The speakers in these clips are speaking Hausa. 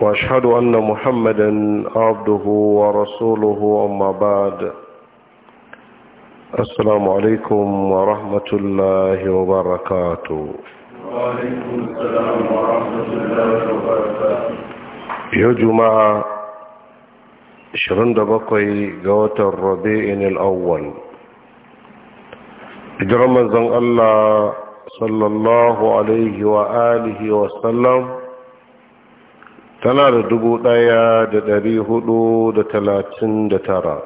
واشهد ان محمدا عبده ورسوله اما بعد السلام عليكم ورحمه الله وبركاته وعليكم السلام ورحمه الله وبركاته يا جماعه شرند بقي جوات الربيع الاول اجرم الله صلى الله عليه واله وسلم tana da dubu ɗaya da dari hudu da talatin da tara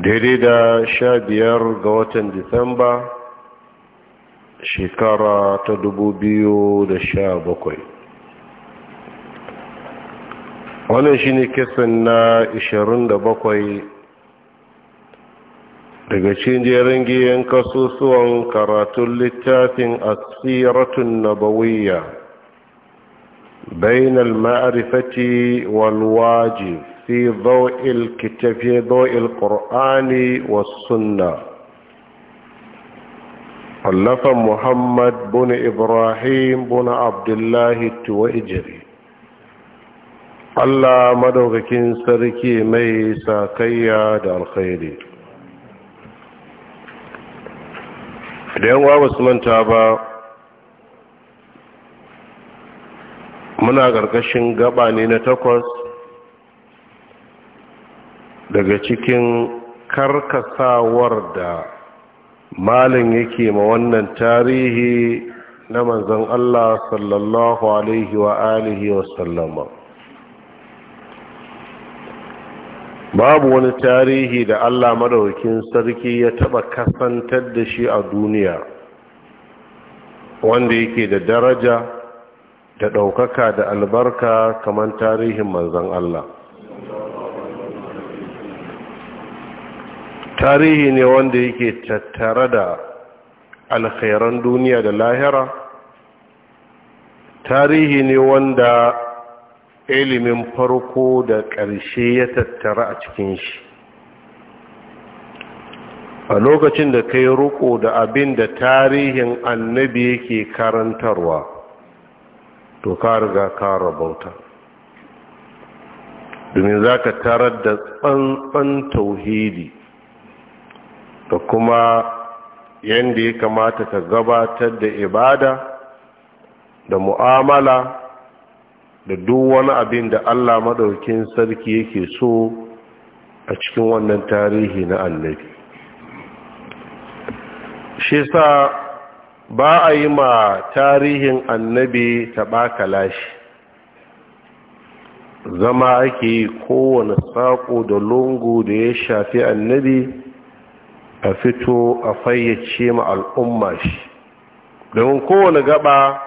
daidai da sha biyar ga watan disamba shekara ta dubu biyu da sha bakwai wannan shi ne kisan na ishirin da bakwai daga cikin jerin giyan kasusuwan karatun littafin asiratun nabawiyya بين المعرفة والواجب في ضوء الكتاب في ضوء القرآن والسنة ألف محمد بن إبراهيم بن عبد الله التوئجري Allah madaukakin sarki mai sakayya da alkhairi da yan wawa su manta ba muna gargashin gaba ne na takwas daga cikin karkasawar da malin yake ma wannan tarihi na manzan Allah sallallahu alaihi wa alihi wa sallama babu wani tarihi da Allah madaukin sarki ya taba kasantar da shi a duniya wanda yake da daraja da ɗaukaka da albarka kamar tarihin manzan Allah tarihi ne wanda yake tattare da alkhairan duniya da lahira tarihi ne wanda ilimin farko da ƙarshe ya tattara a cikin shi a lokacin da kai yi da abin da tarihin annabi yake karantarwa to ka riga ka rabauta domin za ka tarar da tsantsan tauhidi da kuma yadda ya kamata ka gabatar da ibada da mu'amala da duk wani abin da Allah maɗaukin sarki yake so a cikin wannan tarihi na annabi shi sa ba a yi ma tarihin annabi taɓakala shi zama ake yi kowane saƙo da lungu da ya shafi annabi a fito a fayyace ma al'umma shi domin kowane gaba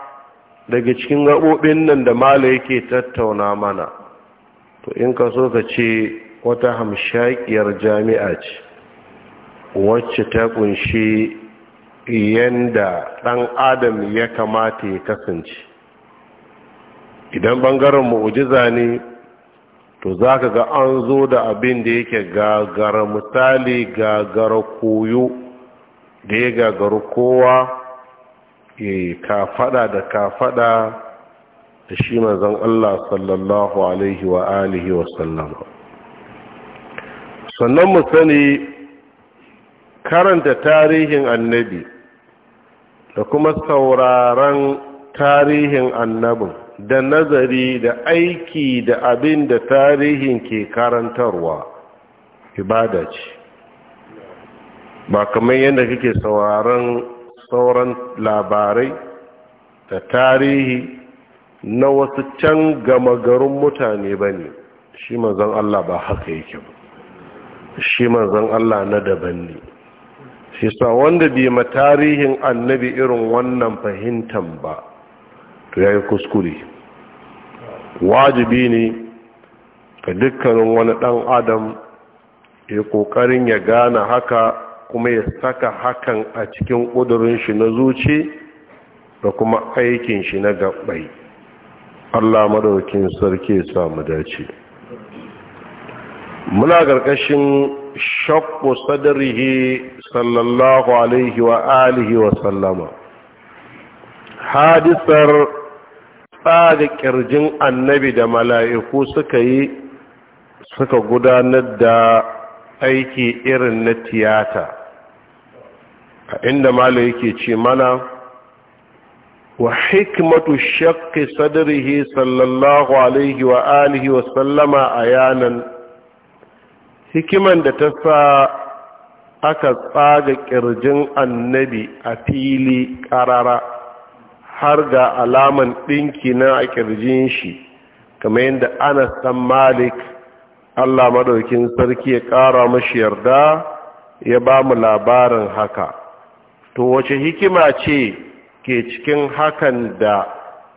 daga cikin gaɓoɓin nan da mala yake tattauna mana to in ka so ka ce wata hamshakiyar jami'a ce wacce ta ƙunshi yanda ɗan adam ya kamata ya kasance idan ɓangaren mu'ujiza ne to za ka ga an zo da abin da yake gagara misali gagara koyo da ya gagara kowa ya kafaɗa da kafaɗa da shi manzan Allah sallallahu alaihi wa alihi wa sannan mu sani karanta tarihin annabi da kuma sauraron tarihin annabin da nazari da aiki da abin da tarihin ke karantarwa ibada ce ba kamar yadda kake sauraron sauran labarai da tarihi na wasu can gama garin mutane ba ne shi manzan Allah ba haka yake ba shi manzan Allah na daban ne shi sa wanda bai ma tarihin annabi irin wannan fahimtan ba to ya yi kuskure wajibi ne ga dukkanin wani ɗan adam ya ƙoƙarin ya gane haka kuma ya saka hakan a cikin kudurin shi na zuci da kuma aikin shi na gaɓai allah madaukin sarki ya mu dace muna ƙarƙashin shakku sadrihi sallallahu alaihi wa alihi wa sallama hadisar tsada kirjin annabi da mala'iku suka yi suka gudanar da aiki irin na tiyata a inda malo yake ce mana wa hikmatu shakki sadrihi sallallahu alaihi wa alihi wa sallama a yanan hikiman da ta sa aka tsaga ƙirjin annabi a fili ƙarara har ga alaman ɗinki na a ƙirjin shi kamar yadda ana san malik allah maɗaukin sarki ya ƙara mashi yarda ya ba mu labarin haka to wace hikima ce ke cikin hakan da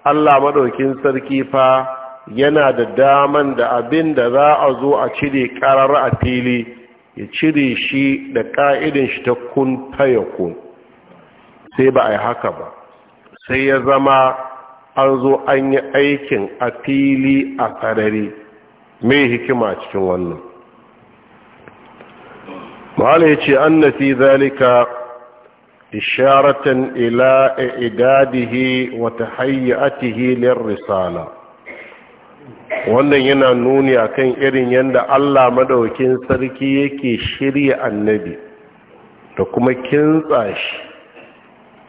allah maɗaukin sarki fa yana da daman da abin da za a zo a cire ƙarar a fili ya cire shi da ƙa'idan shi ta kun fayakun sai ba a yi haka ba sai ya zama an zo an yi aikin a fili a sarari mai hikima cikin wannan Malam ya ce an nafi zalika isharatan ila idadihi wata hayyatihi lir risala wannan yana nuni a kan irin yadda Allah madaukin sarki yake shirya annabi da kuma kintsa shi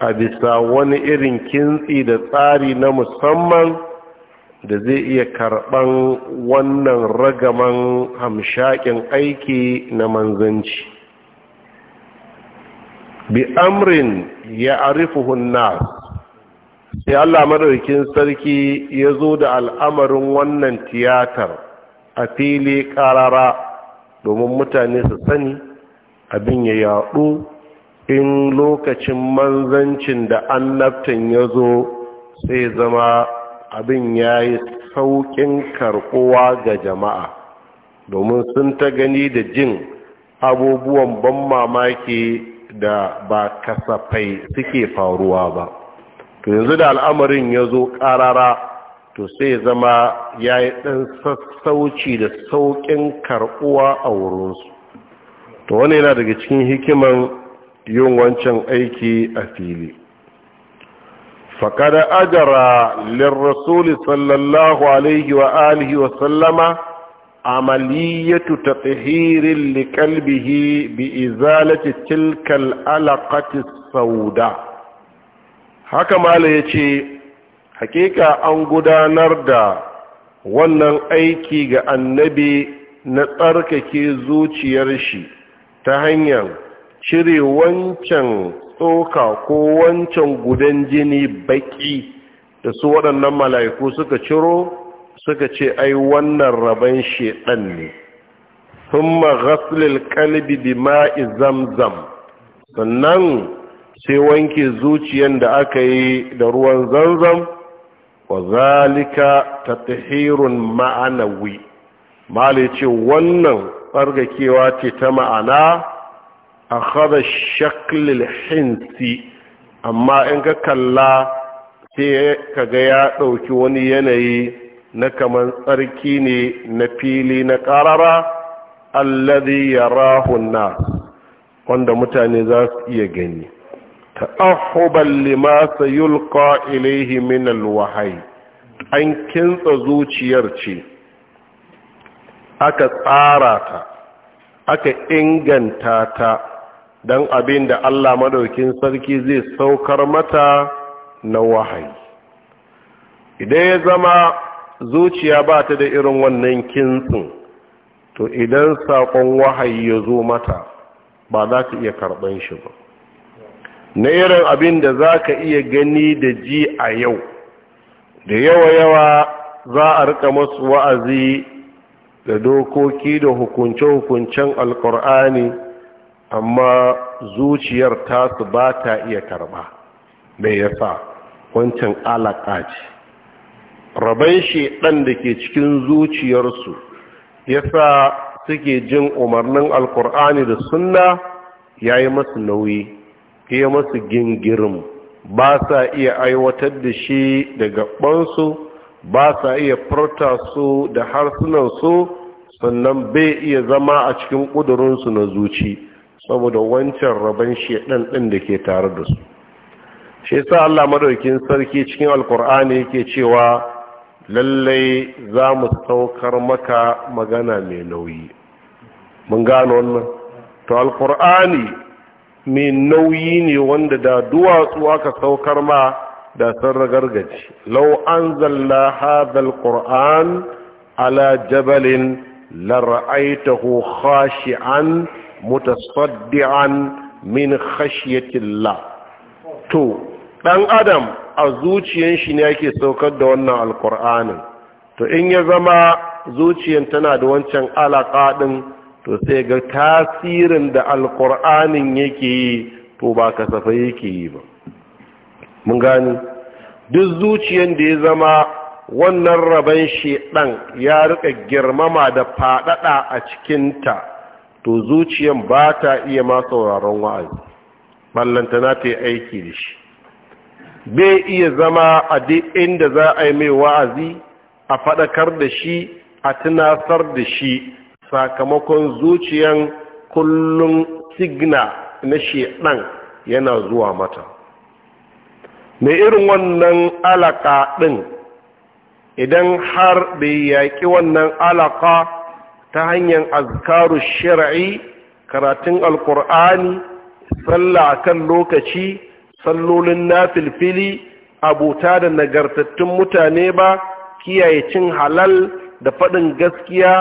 a bisa wani irin kintsi da tsari na musamman da zai iya karɓan wannan ragaman hamshakin aiki na manzanci bi amrin ya arifuhun nasu sai Allah madaukin sarki ya zo da al'amarin wannan tiyatar a fili ƙarara domin mutane su sani abin ya yaɗu in lokacin manzancin da annabtan ya zo sai zama abin ya yi sauƙin karɓuwa ga jama'a domin sun ta gani da jin abubuwan ban mamaki da ba kasafai suke faruwa ba to yanzu da al'amarin ya zo ƙarara to sai zama ya yi ɗan sassauci da sauƙin karɓuwa a wurinsu to wani yana daga cikin hikiman yin wancan aiki a fili faƙada ajara lirrasuli sallallahu alaihi wa alihi wa sallama amaliyyatu ta tsihirin likalbihi bi izalati tilkal alaƙatis sauda haka mala ya ce hakika an gudanar da wannan aiki ga annabi na tsarkake zuciyar shi ta hanyar cire wancan tsoka ko wancan gudan jini baki da su waɗannan mala'iku suka ciro suka ce ai wannan rabon shaɗan ne thumma ghaslil bi ma'i zamzam sannan sai wanke zuciyan da aka yi da ruwan zanzam wa zalika tatahirun ma'anawi mali ce wannan tsargakewa ce ta ma'ana a haɗa shaklil hinsi amma in ka kalla sai ka ga ya ɗauki wani yanayi na kamar tsarki ne na fili na ƙarara alladhi yarahun nas wanda mutane za su iya gani ta'ahuban lima sayulqa ilayhi min alwahyi an kintsa zuciyar ce aka tsara ta aka inganta ta don abin da Allah madaukin sarki zai saukar mata na wahayi idan ya zama zuciya bata da irin wannan kintsin to idan saƙon wahayi ya zo mata ba za ta iya karɓan shi ba na irin abin da za ka iya gani da ji a yau da yawa-yawa za a rika masu wa'azi da dokoki da hukunce-hukuncen alkur'ani amma zuciyar tasu ba ta iya karba mai yasa wancan alaƙa ce raban ɗan da ke cikin zuciyarsu yasa suke jin umarnin alkur'ani da sunna ya yi masu nauyi iya masu gingirin ba sa iya aiwatar da shi daga ɓansu, ba sa iya furta su da harsunansu sannan bai iya zama a cikin ƙudurinsu na zuci saboda wancan rabon shaɗan ɗin da ke tare da su shi sa Allah madaukin sarki cikin alkur'ani yake cewa lallai za mu saukar maka magana mai nauyi mun gano wannan to alkur'ani mai nauyi ne wanda da duwatsu aka saukar ma da sun ragargaci lau an zalla hadal ƙur'an ala jabalin lara'aitahu khashi'an mutasaddi'an min khashiyatillah to dan adam a zuciyar shi ne yake saukar da wannan alkur'anin to in ya zama zuciyar tana da wancan alaka to sai ga tasirin da alkur'anin yake yi to ba kasafai yake yi ba mun gani duk zuciyan da ya zama wannan rabon shedan ya rika girmama da fadada a cikinta to zuciyan ba ta iya ma sauraron wa'azi na ta yi aiki da shi bai iya zama a duk inda za a yi mai wa'azi a fadakar da shi a tunasar da shi sakamakon zuciyan kullum signa na shedan yana zuwa mata Me irin wannan alaka ɗin idan har bai yaƙi wannan alaka ta hanyar azkaru shari'i karatun alkur'ani sallah kan lokaci sallolin nafilfili abuta da nagartattun mutane ba kiyaye cin halal da faɗin gaskiya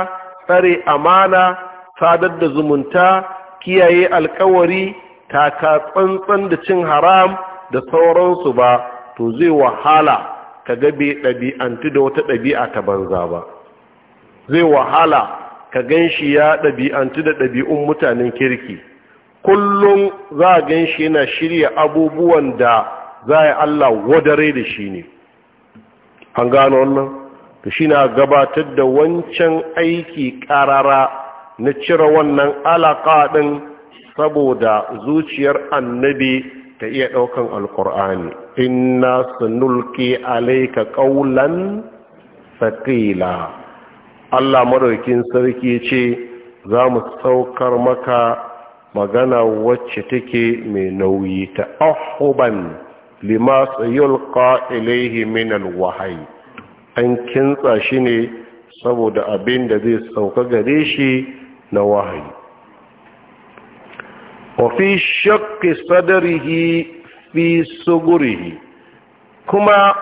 tsare amana sadar da zumunta kiyaye alkawari taka tsantsan da cin haram da sauransu ba to zai wahala ka ga bai ɗabi'antu da wata ɗabi'a ta banza ba zai wahala ka gan shi ya ɗabi'antu da ɗabi'un mutanen kirki kullum za a gan shi yana shirya abubuwan da za a yi Allah wadare da shi ne an gano wannan to shi na gabatar da wancan aiki ƙarara na cire wannan alaƙa ɗin saboda zuciyar annabi ta iya ɗaukan alƙur'ani inna sunulki alaika ƙaulan saƙila allah maɗaukin sarki ce za mu saukar maka magana wacce take mai nauyi ta ahuban lima yulqa ilaihi minal wahai an kintsa shi ne saboda abin da zai sauka gare shi na wahayi wafi shakki sadarihi fi sugurihi kuma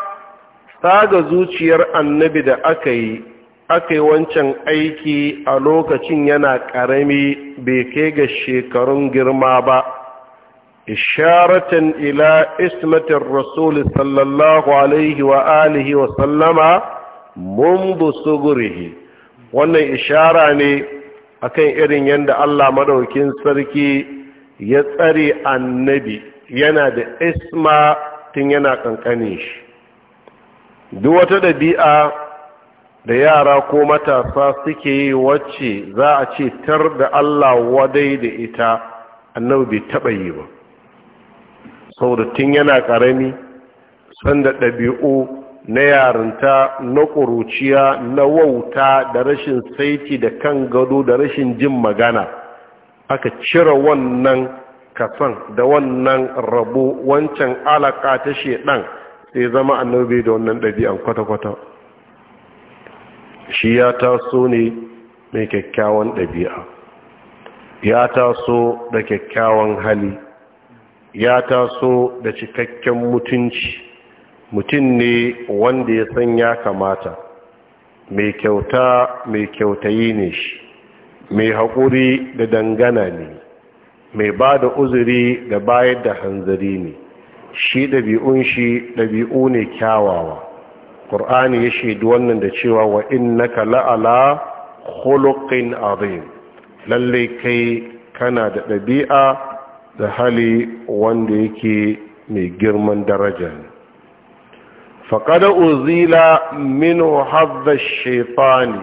saga zuciyar annabi da aka yi aka yi wancan aiki a lokacin yana ƙarami bai kai ga shekarun girma ba isharatan ila ismatin rasul sallallahu alaihi wa alihi wa sallama mundu wannan ishara ne akan irin yadda Allah madaukin sarki ya tsare annabi yana da isma tun yana kankane shi duk wata ɗabi'a da yara ko matasa suke yi wacce za a ce tar da Allah wadai da ita annabi bai taɓa yi ba saboda tun yana ƙarami sanda ɗabi'u na yarinta na ƙuruciya na wauta da rashin saiti da kan gado da rashin jin magana aka cire wannan kasan da wannan rabo wancan alaƙa ta shedan sai zama annobe da wannan ɗabi'an kwata-kwata shi ya taso ne mai kyakkyawan ɗabi'a ya taso da kyakkyawan hali ya taso da cikakken mutunci mutum ne wanda ya san ya kamata mai kyauta mai kyautayi ne shi mai haƙuri da dangana ne mai ba da uzuri da bayar da hanzari ne shi ɗabi'un shi ɗabi'u ne kyawawa ƙur'ani ya shaidu wannan da cewa wa naka la'ala khuluqin azim lallai kai kana da ɗabi'a da hali wanda yake mai girman daraja ne faƙada uzila minu shefa ne.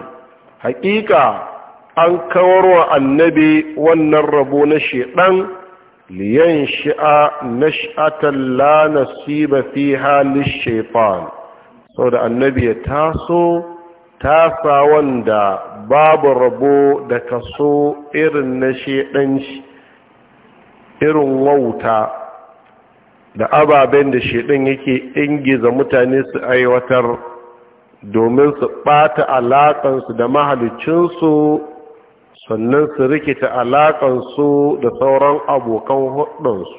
haƙiƙa an kawar wa annabi wannan rabo na shaɗan liyan shi'a ba la nasiba fiha lishaitan saboda annabi ya taso tasa wanda babu rabo da kaso irin na shaidanci irin wauta da ababen da shaidan yake ingiza mutane su aiwatar domin su ɓata alaƙansu da mahalicinsu sannan su rikita alaƙansu da sauran abokan hudunsu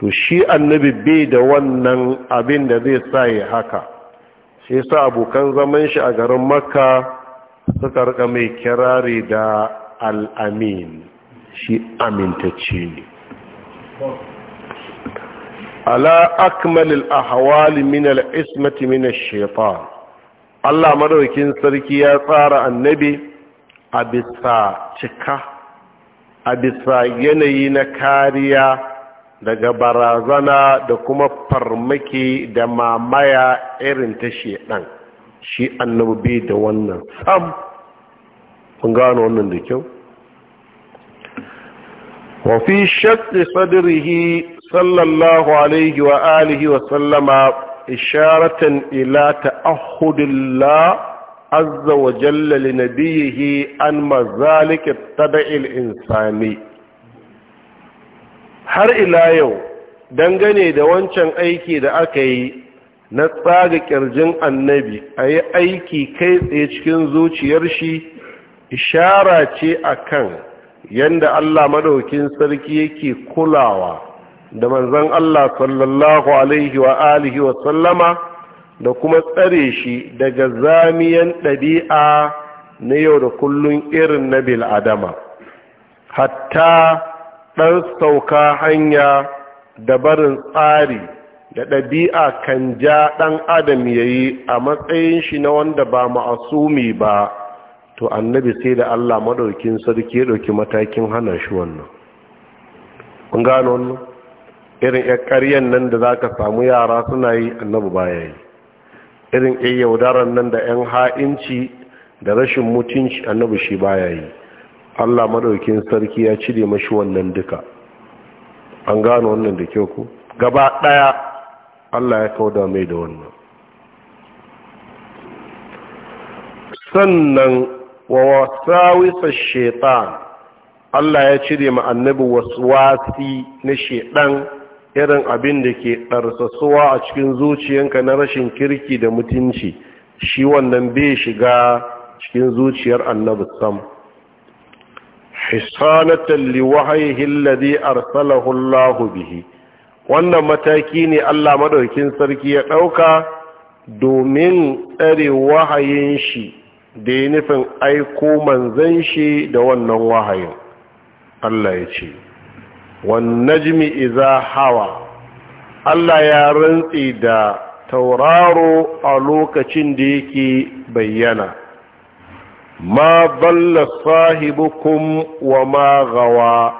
to shi annabi bai da wannan abin da zai sa ya haka shi sa abokan zaman shi a garin makka suka rika mai kirari da al'amini. shi amintacce ne ala akmalil ahwali min al-ismati min ash-shaytan Allah madaukin sarki ya tsara annabi a bisa cika a bisa yanayi na kariya daga barazana da kuma farmaki da mamaya irin ta shedan shi annabi da wannan sam kun gano wannan da kyau وفي شق صدره صلى الله عليه وآله وسلم إشارة إلى تأخد الله عز وجل لنبيه عن مزالك الطبع الإنساني har ila yau dangane da wancan aiki da aka yi na tsaga kirjin annabi a yi aiki kai tsaye cikin zuciyar shi ishara ce akan yanda Allah madaukin sarki yake kulawa da manzon Allah sallallahu alaihi wa alihi wa sallama da kuma tsare shi daga zamiyan ɗabi'a na yau da kullun irin na bil'adama hatta ɗan sauka hanya da barin tsari da ɗabi'a kan ja ɗan adam yayi a matsayin shi na wanda ba ma'asumi ba to annabi sai da Allah madaukin sarki ya dauki matakin hana shi wannan kun gano wannan irin ya ƙaryan nan da zaka samu yara suna yi annabi baya yi irin ya yaudaran nan da yan ha'inci da rashin mutunci annabi shi baya yi Allah madaukin sarki ya cire mashi wannan duka an gano wannan da kyau ko gaba daya Allah ya kauda mai da wannan sannan wa wasawisa shaitan Allah ya cire ma annabi waswasi na shaitan irin abin da ke ɗarsasuwa a cikin zuciyarka na rashin kirki da mutunci shi wannan bai shiga cikin zuciyar annabi sam hisanatan liwahayhi alladhi arsalahu Allah bihi wannan mataki ne Allah madaukin sarki ya dauka domin tsare wahayin shi da yi nufin aiko manzan shi da wannan wahayin Allah ya ce jimi iza hawa Allah ya rantsi da tauraro a lokacin da yake bayyana ma balla sahibukum wa ma gawa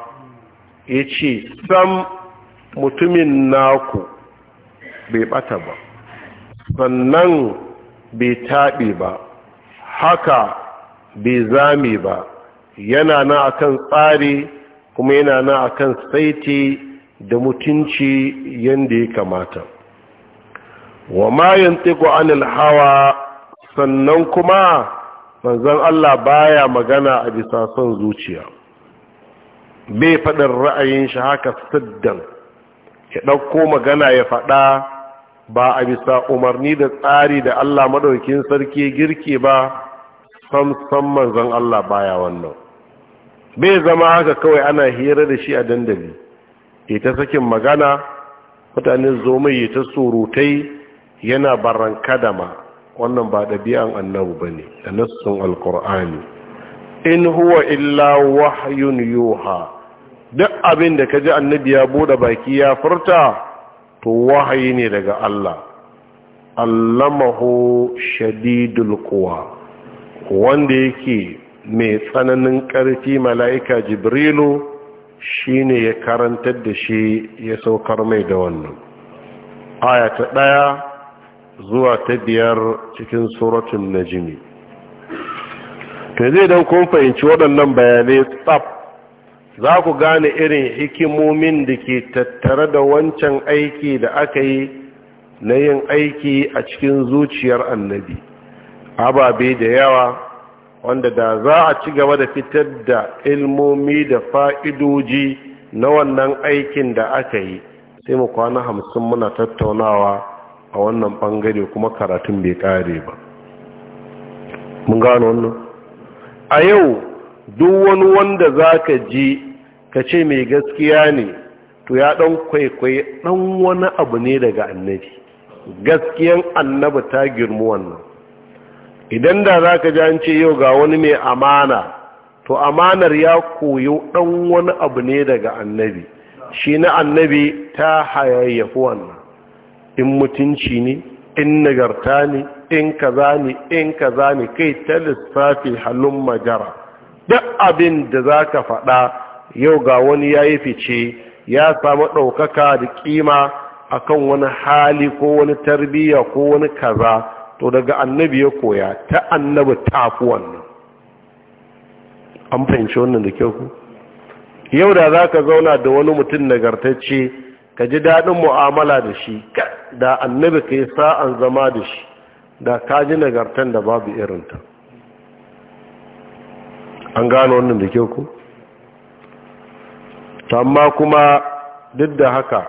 ya ce sam mutumin naku bai bata ba sannan bai taɓe ba haka bai zame ba yana na akan tsari kuma yana na akan saiti da mutunci yadda ya kamata wa ma tsigo anil hawa sannan kuma manzon Allah baya magana a bisa son zuciya bai faɗin ra'ayin shi haka saddan, ya ɗauko magana ya faɗa ba a bisa umarni da tsari da Allah madaukin sarki girke ba sam sam manzon Allah baya wannan bai zama haka kawai ana hira da shi a dandali ya ta sakin magana mutane zo mai yi ta surutai yana baran kadama wannan ba ɗabi'an annabu ba ne da nassun alkur'ani in huwa illa wahyun yuha duk abin da ka ji annabi ya buɗe baki ya furta to wahayi ne daga Allah allamahu shadidul quwa wanda yake mai tsananin ƙarfi mala'ika jibrilu shine ya karantar da shi ya saukar mai da wannan aya ta ɗaya zuwa ta biyar cikin suratun najimi ta zai don kun fahimci waɗannan bayanai tsaf za ku gane irin hikimomin da ke tattare da wancan aiki da aka yi na yin aiki a cikin zuciyar annabi ababe da yawa wanda da za a ci gaba da fitar da ilmomi da fa'idoji na wannan aikin da aka yi sai mu kwana hamsin muna tattaunawa a wannan ɓangare kuma karatun bai ƙare ba mun gano wannan a yau duk wani wanda za ka ji ka ce mai gaskiya ne to ya ɗan kwaikwayi ɗan wani abu ne daga annabi gaskiyan annabi ta girmu wannan idan da za ka ji ce yau ga wani mai amana to amanar ya koyo ɗan wani abu ne daga annabi shi na annabi ta hayayyafi wannan in mutunci ne in nagarta ne in kaza ne in kaza ne kai ta lissafi halin majara duk abin da za ka faɗa yau ga wani ya yi fice ya samu ɗaukaka da ƙima akan wani hali ko wani tarbiyya ko wani kaza to daga annabi ya koya ta annabi tafi wannan an fahimci wannan da kyau ku yau da za ka zauna da wani mutum nagartacce ka ji daɗin mu'amala da shi da annabi ka yi sa'an zama da shi da ka ji nagartan da babu irinta an gano wannan da kyau ko amma kuma duk da haka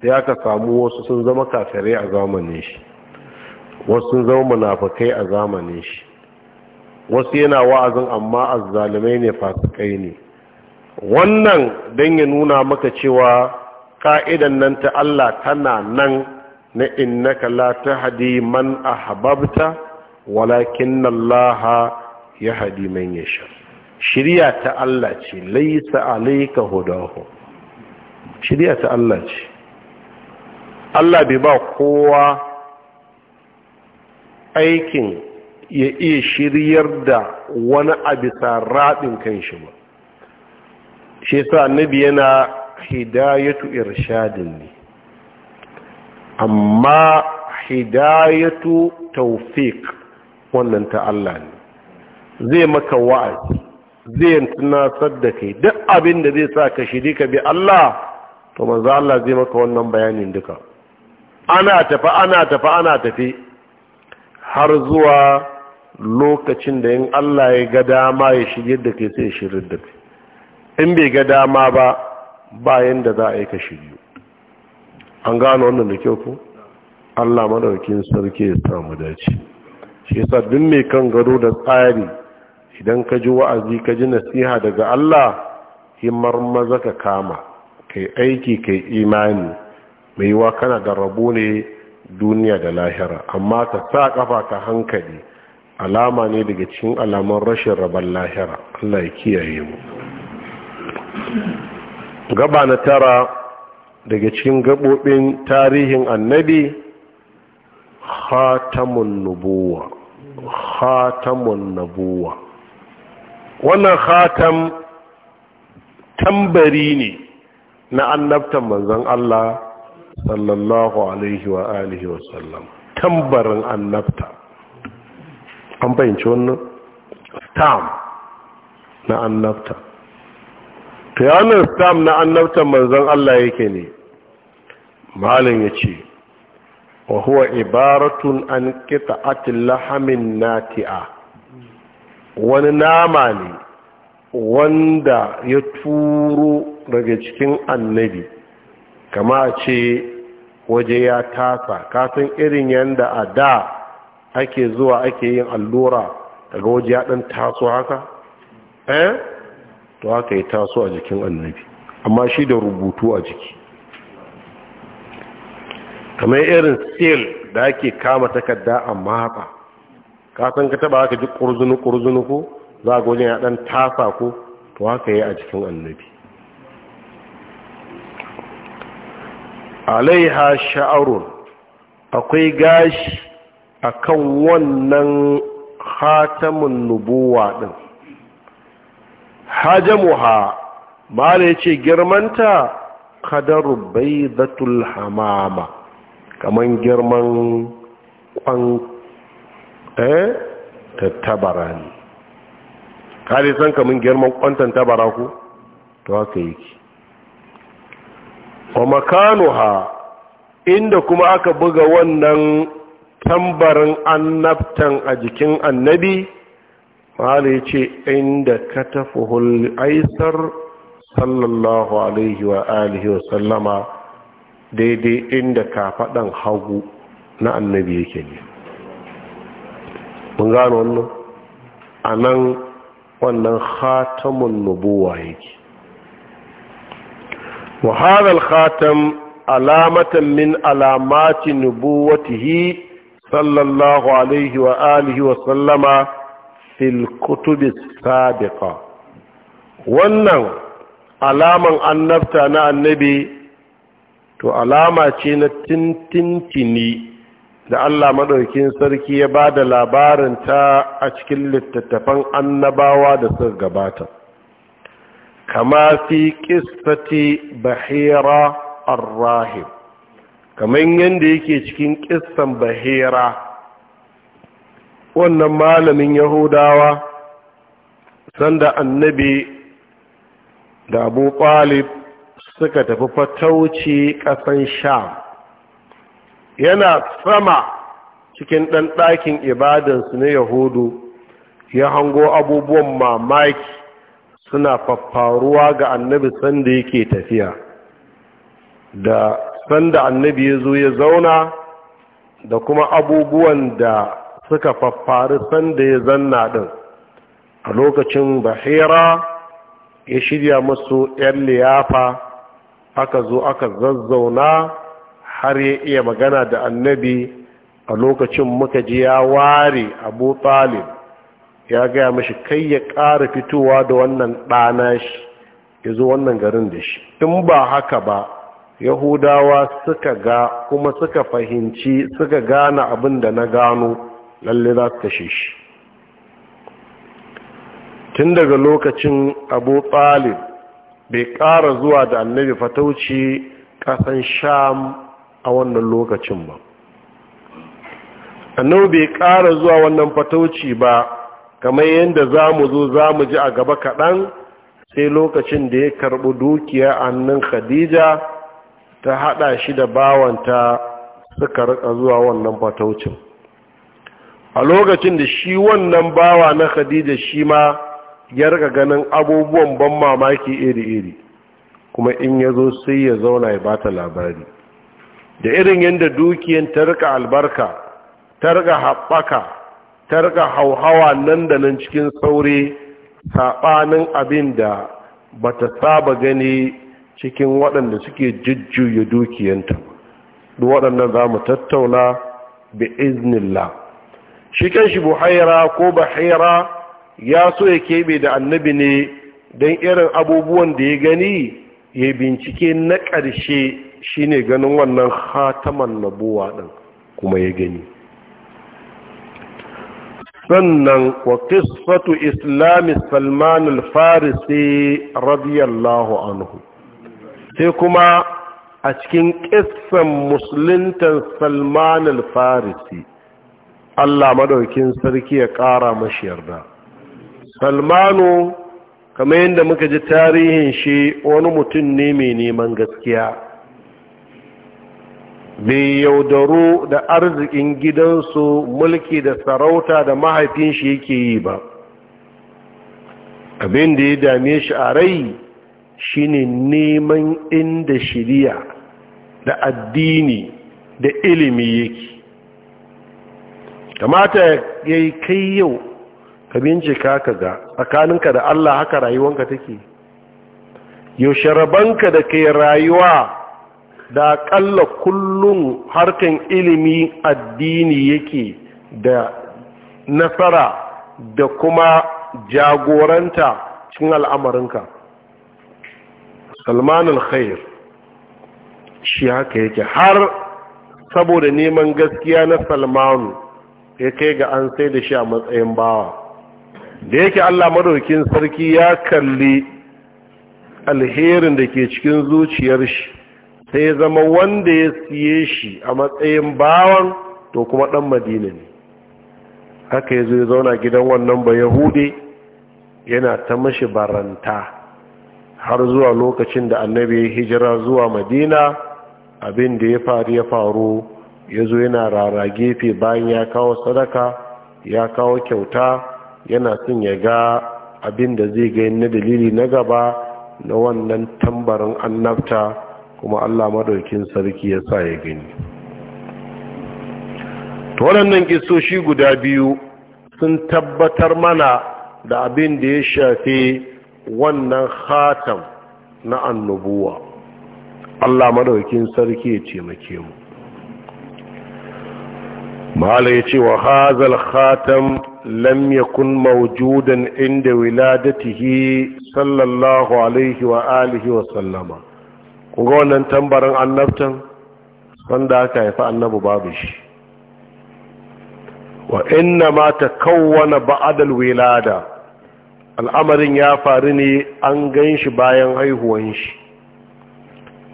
sai aka samu wasu sun zama kafirai a zamanin shi wasu sun zama munafakai a zamanin shi wasu yana wa'azin amma azzalumai ne fasikai ne wannan don ya nuna maka cewa ka'idan nan ta Allah tana nan na innaka la tahdi man ahbabta walakin Allah yahdi man yasha shirya ta Allah ce laisa alayka hudahu shirya ta Allah ce Allah bai ba kowa aikin ya iya shiryar da wani abisa rabin kan shi ba shi sa annabi yana hidayatu irshadin ne amma hidayatu tawfiq wannan ta Allah ne zai maka wa'azi zai tunasar da kai duk abin da zai sa ka shiri ka bi Allah to manzo Allah zai maka wannan bayanin duka ana tafi ana tafi ana tafi har zuwa lokacin da in Allah ya ga dama ya shige da kai sai shirin da kai in bai ga dama ba bayan da za a yi ka an gano wannan da kyau ko Allah madaukin sarki ya samu dace shi yasa duk mai kan gado da tsari idan ka ji wa'azi ka ji nasiha daga Allah himar maza ka kama kai aiki kai imani mai wa kana da rabo ne duniya da lahira amma ka sa kafa ka hankali alama ne daga cikin alamun rashin rabon lahira Allah ya kiyaye mu gaba na tara daga cikin gabobin tarihin annabi khatamun nubuwa khatamun nubuwa wannan khatam tambari ne na annabtan manzon Allah sallallahu alaihi wa alihi wa sallam tambarin annabta an bayyance wannan stam na annabta to yanar stam na annabtan manzon Allah yake ne malin ya ce wa huwa ibaratun an kita atin lahamin nati'a wani nama ne wanda ya turo daga cikin annabi kama ce waje ya tasa kasan irin yadda a da ake zuwa ake yin allura daga waje ya ɗan taso haka eh to haka ya taso a jikin annabi amma shi da rubutu a jiki kamar irin seal da ake kama takarda a matsa ka ka taba haka ji ƙurzunu-ƙurzunu ko za ga wajen ya ɗan tafa ko to haka yi a cikin annabi alaiha sha'arun akwai gashi a kan wannan khatamun nubuwa ɗin. din hajamuha ya ce girmanta bai zatul hamama Kamar girman kwan Eh? ta tabara ne kare san kamun girman kwantan tabara ku to haka yake wa makanuha inda kuma aka buga wannan tambarin annabtan a jikin annabi mahala ya ce inda ka tafi aisar sallallahu alaihi wa alihi wa sallama daidai inda kafaɗan hagu na annabi yake ne mun gano wannan a nan wannan khatamun nubuwa yake wa hadal khatam alamatan min alamati nubuwatihi sallallahu alaihi wa alihi wa sallama fil kutubi sabiqa wannan alaman annabta na annabi to alama ce na tintintini da Allah maɗaukin sarki ya ba da labarinta a cikin littattafan annabawa da suka gabata kama fi qissati bahira ar-rahib kaman yanda yake cikin ƙistan bahira wannan malamin yahudawa sanda annabi da abu ƙwalib suka tafi fatauci ƙasan sham yana sama cikin ɗan ɗakin ibadansu na yahudu ya hango abubuwan mamaki suna faffaruwa ga annabi sanda yake tafiya da sanda annabi ya zo ya zauna da kuma abubuwan da suka faffaru sanda ya zanna ɗin a lokacin bahira ya shirya musu 'yan liyafa aka zo aka zazzauna har ya iya magana da annabi a lokacin muka ji ya ware abu talib ya gaya mashi kai ya ƙara fitowa da wannan ɗana shi ya zo wannan garin da shi in ba haka ba yahudawa suka ga kuma suka fahimci suka gane abin da na gano lalle za su kashe shi tun daga lokacin abu talib bai ƙara zuwa da annabi fatauci ƙasan sham a wannan lokacin ba annabi bai ƙara zuwa wannan fatauci ba kamar yadda za mu zo za mu ji a gaba kaɗan sai lokacin da ya karɓi dukiya annan khadija ta haɗa shi da bawanta suka rika zuwa wannan fataucin a lokacin da shi wannan bawa na khadija shi ma ya rika ganin abubuwan ban mamaki iri-iri kuma in ya zo sai ya zauna ya bata labari da irin yadda dukiyar ta rika albarka ta rika haɓaka ta rika hauhawa nan da nan cikin sauri saɓanin abin da ba ta saba gani cikin waɗanda suke jujjuya dukiyanta duk waɗannan za mu tattauna bi iznillah shi kan shi buhaira ko bahira ya so ya keɓe da annabi ne don irin abubuwan da ya gani ya bincike na ƙarshe Shi ne ganin wannan hataman na nabuwa ɗin kuma ya gani sannan wa kisfatu islami salman al-farisi radiyallahu anhu sai kuma a cikin kisan musuluntan salman al-farisi Allah maɗaukin sarki ya ƙara mashi yarda salmanu kamar yadda muka ji tarihin shi wani mutum ne mai neman gaskiya bai yaudaru da arzikin gidansu mulki da sarauta da mahaifin shi yake yi ba abin da ya dame shi a rai shine neman inda shirya da addini da ilimi yake kamata ya yi kai yau ka bincika ka ga tsakaninka da Allah haka rayuwanka take yau sharabanka da kai rayuwa da ƙalla kullum harkan ilimi addini yake da nasara da kuma jagoranta cikin al'amarinka salman al-khair shi haka yake har saboda neman gaskiya na salmanu ya kai ga an sai da shi a matsayin bawa da yake allah madaukin sarki ya kalli alherin da ke cikin zuciyar shi sai ya zama wanda ya siye shi a matsayin bawan to kuma ɗan madina ne haka ya zo ya zauna gidan wannan ba yahude yana ta mashi baranta har zuwa lokacin da annabi ya hijira zuwa madina abin da ya faru ya faru ya zo yana rara gefe bayan ya kawo sadaka ya kawo kyauta yana son ya ga abin da zai ga na dalili na gaba na wannan tambarin annabta kuma Allah madaukin sarki ya sa ya gani to waɗannan kisoshi guda biyu sun tabbatar mana da abin da ya shafe wannan khatam na annubuwa Allah madaukin sarki ya taimake mu mala ya ce wa hazal khatam lam yakun mawjudan inda wiladatihi sallallahu alaihi wa alihi wa sallama ga wannan tambarin annabtan wanda aka haifi annabu babu shi wa inna ma ta kawwana ba'adal wilada al'amarin ya faru ne an gan shi bayan haihuwan shi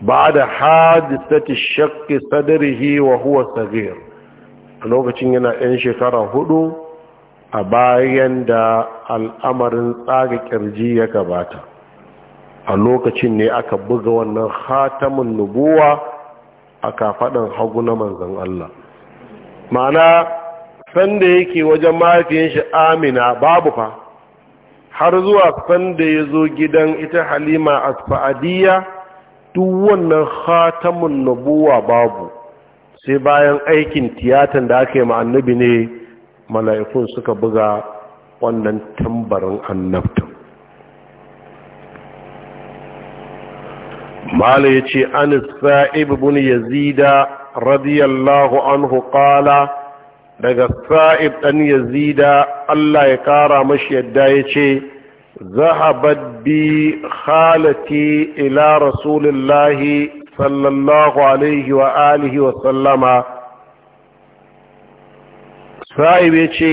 ba da hadisati shakki sadarihi wa huwa sagir a lokacin yana 'yan shekara hudu a bayan da al'amarin tsaga kirji ya gabata a lokacin ne aka buga wannan hatamin nubuwa a kafaɗan hagu na manzan Allah ma'ana sanda yake wajen mafiyan shi amina babu fa har zuwa sanda ya zo gidan ita halima a fa'adiyya duk wannan hatamin nubuwa babu sai bayan aikin tiyatan da aka yi ma ne mala'ikun suka buga wannan tambarin annabtan mala ya ce an sa'ib bin yazida radiyallahu anhu qala daga sa'ib dan yazida Allah ya kara mashi yadda ya ce zahabat bi khalati ila rasulillahi sallallahu alaihi wa alihi wa sallama sa'ib ya ce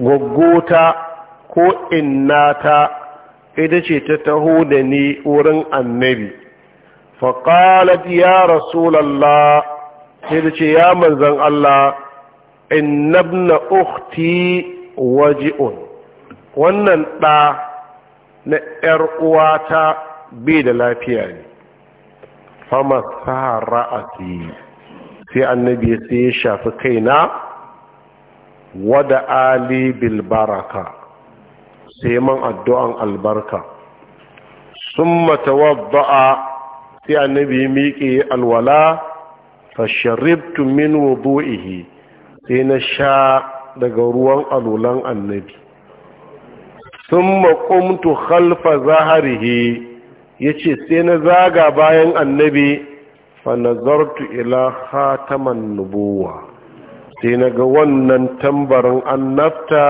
gwaggota ko innata ita ce ta taho da ni wurin annabi faƙalat ya rasulallah sai ta ce ya manzan Allah innabna ukhti waji'un wannan ɗa na ‘yar uwata bai da lafiya ne fama sahara a sai annabi sai ya shafi kaina wada ali bilbaraka. baraka sai man addu'an albarka summa tawadda'a sai annabi ya miƙe alwala fa sharibtu min wudu'ihi sai na sha daga ruwan alulan annabi summa qumtu khalfa zaharihi yace sai na zaga bayan annabi fa nazartu ila khataman nubuwah sai na ga wannan tambarin annabta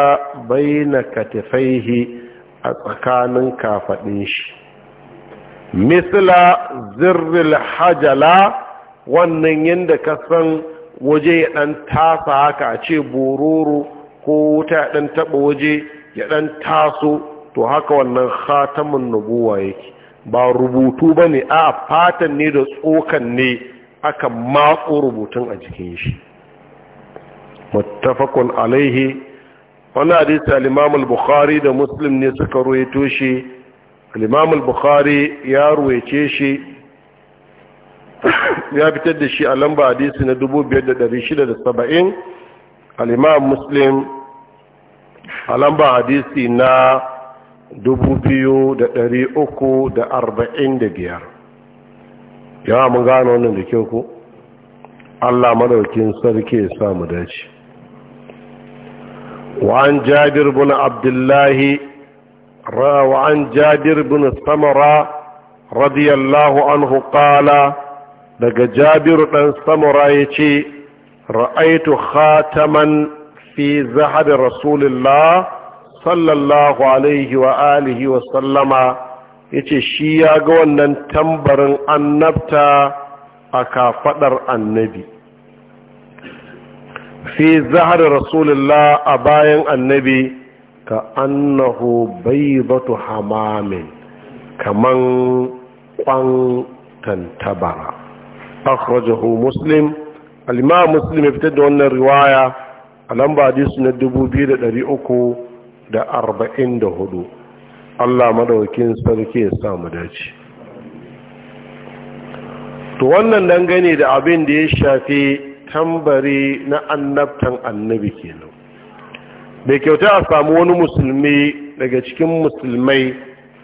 bai na katifaihi a tsakanin kafaɗin shi misla zirril hajala wannan yadda ka san waje ya ɗan tasa haka a ce bororo ko wuta ya ɗan taɓa waje ya ɗan taso to haka wannan khatamin nubuwa yake ba rubutu ba ne a fatan ne da tsokan ne aka matso rubutun a jikin shi muttafaqun alaihi wani hadisi al-imam bukhari da muslim ne suka ruwaito shi al bukhari ya ruwaice shi ya fitar da shi a lamba hadisi na 2670 al-imam muslim a lamba hadisi na 2345 yawa mun gano wannan da kyau ku Allah madaukin sarki ya mu dace وعن جابر بن عبد الله وعن جابر بن السمرة رضي الله عنه قال دق جابر بن السمرة يتي رأيت خاتما في ذهب رسول الله صلى الله عليه وآله وسلم yace shi ya ga wannan tambarin annabta a kafaɗar annabi fi zahar rasulullah a bayan annabi ka annahu baibatu hamamin kaman kwan tantabara akhrajahu muslim al muslim ya da wannan riwaya a lamba arba'in na 2344 Allah madaukakin sarki ya samu dace to wannan dangane da abin da ya shafi tambari na annabtan annabi kenan bai kyauta a samu wani musulmi daga cikin musulmai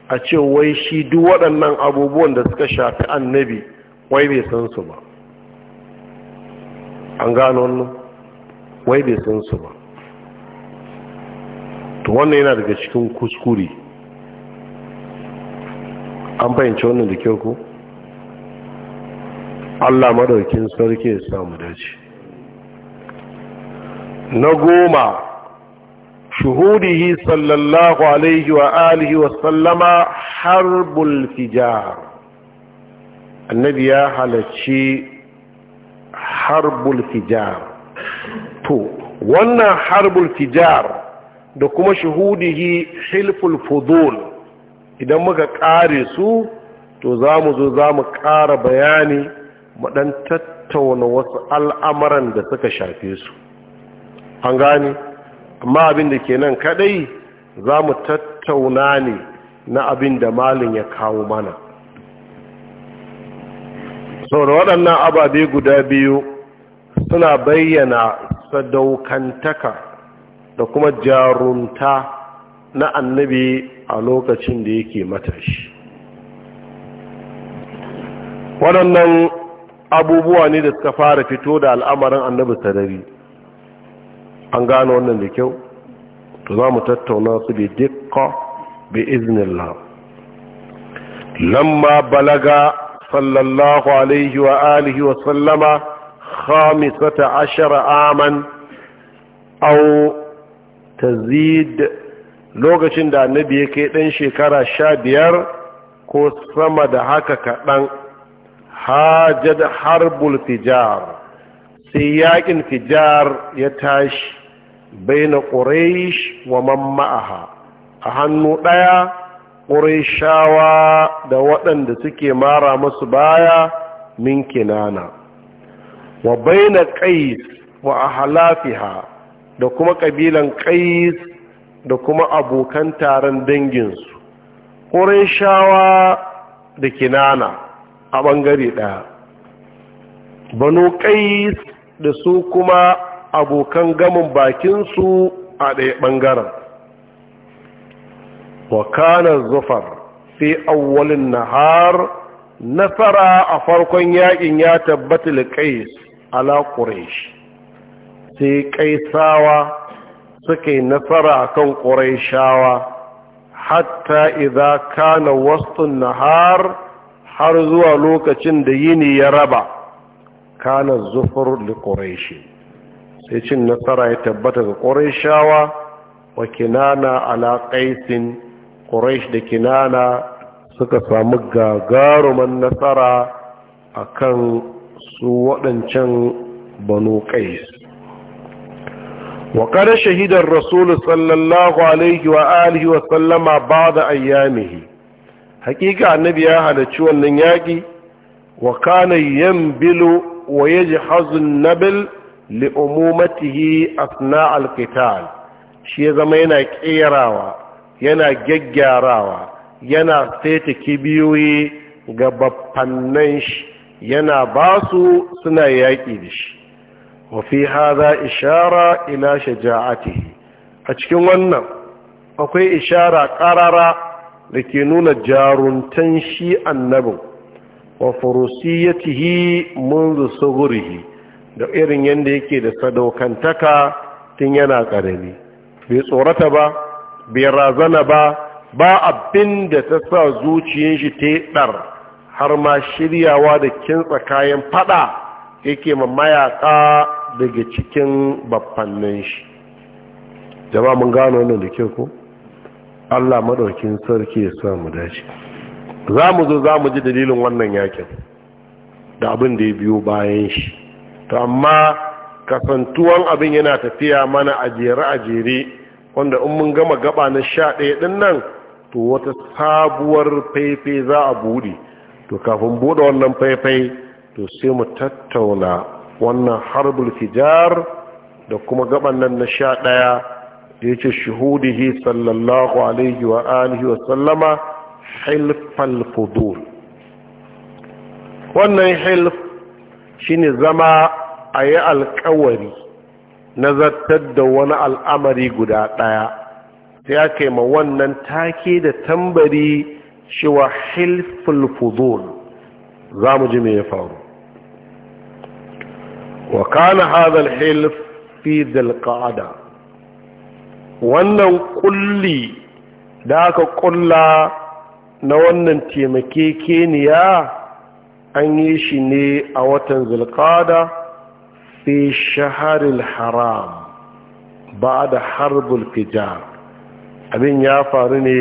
a ce wai shi duk waɗannan abubuwan da suka shafi annabi wai bai san su ba an gano wannan wai bai san su ba to wannan yana daga cikin kuskure an fahimci wannan da kyau ko Allah madaukin sarki ya samu dace na goma shuhudihi sallallahu alaihi wa alihi wa sallama harbul fijar annabi ya halarci harbul fijar to wannan harbul fijar da kuma shuhudihi hilful fudul idan muka kare su to za mu zo za mu kara bayani mu tattauna wasu al'amuran da suka shafe su an gani amma abin da ke nan kadai za mu tattauna ne na abin da malin ya kawo mana sau da waɗannan ababe guda biyu suna bayyana sadaukantaka da kuma jarunta na annabi a lokacin da yake matashi waɗannan abubuwa ne da suka fara fito da al'amarin annabi sarari an gano wannan da kyau to za mu tattauna su bi dikka bi iznillah lamma balaga sallallahu alaihi wa alihi wa sallama khamisata ashara aman aw tazid lokacin da annabi ya kai ɗan shekara sha biyar ko sama da haka kaɗan hajjad harbul fijar sai yaƙin fijar ya tashi baina quraish wa man ma'aha a hannu ɗaya qurayshawa da waɗanda suke mara musu baya min kinana wa baina qais wa ahlafiha da kuma ƙabilan qais da kuma abokan taron danginsu ƙurayshawa da kinana a ɓangare ɗaya banu ƙais da su kuma abokan gamin bakinsu a ɗaya ɓangaren wakanar zufar sai awwalin nahar nasara a farkon yakin ya tabbata liƙais ala ƙureshi sai ƙaisawa suka yi nasara a kan ƙureshawa hatta idza kana wastun nahar har zuwa lokacin da yini ya raba kana zufar li ƙuraishi. sai cin nasara ya tabbata ga ƙorishawa wa kinana ala ƙaisin ƙorish da kinana suka samu gagaruman nasara akan su waɗancan banu ƙais wa ƙada shahidar rasulu sallallahu alaihi wa alihi wa sallama ba'da ayyamihi hakika annabi ya halarci wannan yaƙi wa kanayyan wa yaji hazun nabil li'umumatihi asna alkital shi ya zama yana ƙerawa yana gyaggyarawa yana saita kibiyoyi ga bafannan shi yana ba su suna yaƙi da shi wafi haza ishara ila shaja'atihi a cikin wannan akwai ishara ƙarara da ke nuna jaruntan shi annabin wa furusiyatihi منذ صغره da irin yadda yake da sadaukantaka tun yana ƙarami bai tsorata ba bai razana ba ba abin da ta sa zuciyar shi ta ɗar har ma shiryawa da kinsa kayan fada yake ma mayaka daga cikin babbannin shi jama mun gano wannan da kyau ko Allah maɗaukin sarki ya sa mu dace za mu zo za mu ji dalilin wannan yakin da abin da ya biyo bayan shi to amma kasantuwan abin yana tafiya mana a jere a jere wanda in mun gama gaba na sha ɗaya ɗin nan to wata sabuwar faifai za a buɗe to kafin buɗe wannan faifai to sai mu tattauna wannan harbul fijar da kuma gaban nan na sha ɗaya da yake ce shuhudihi sallallahu alaihi wa alihi wa sallama hilfal fudul wannan hilf shine zama a yi alkawari na zartar da wani al'amari guda ɗaya sai ya kaima ma wannan take da tambari cewa hilful fuzul za mu ji me ya faru wa kana hadal hilf fi dalqa'ada wannan kulli da aka kulla na wannan taimakekeniya an yi shi ne a watan zulkada fi shaharil haram ba da harbul fijar abin ya faru ne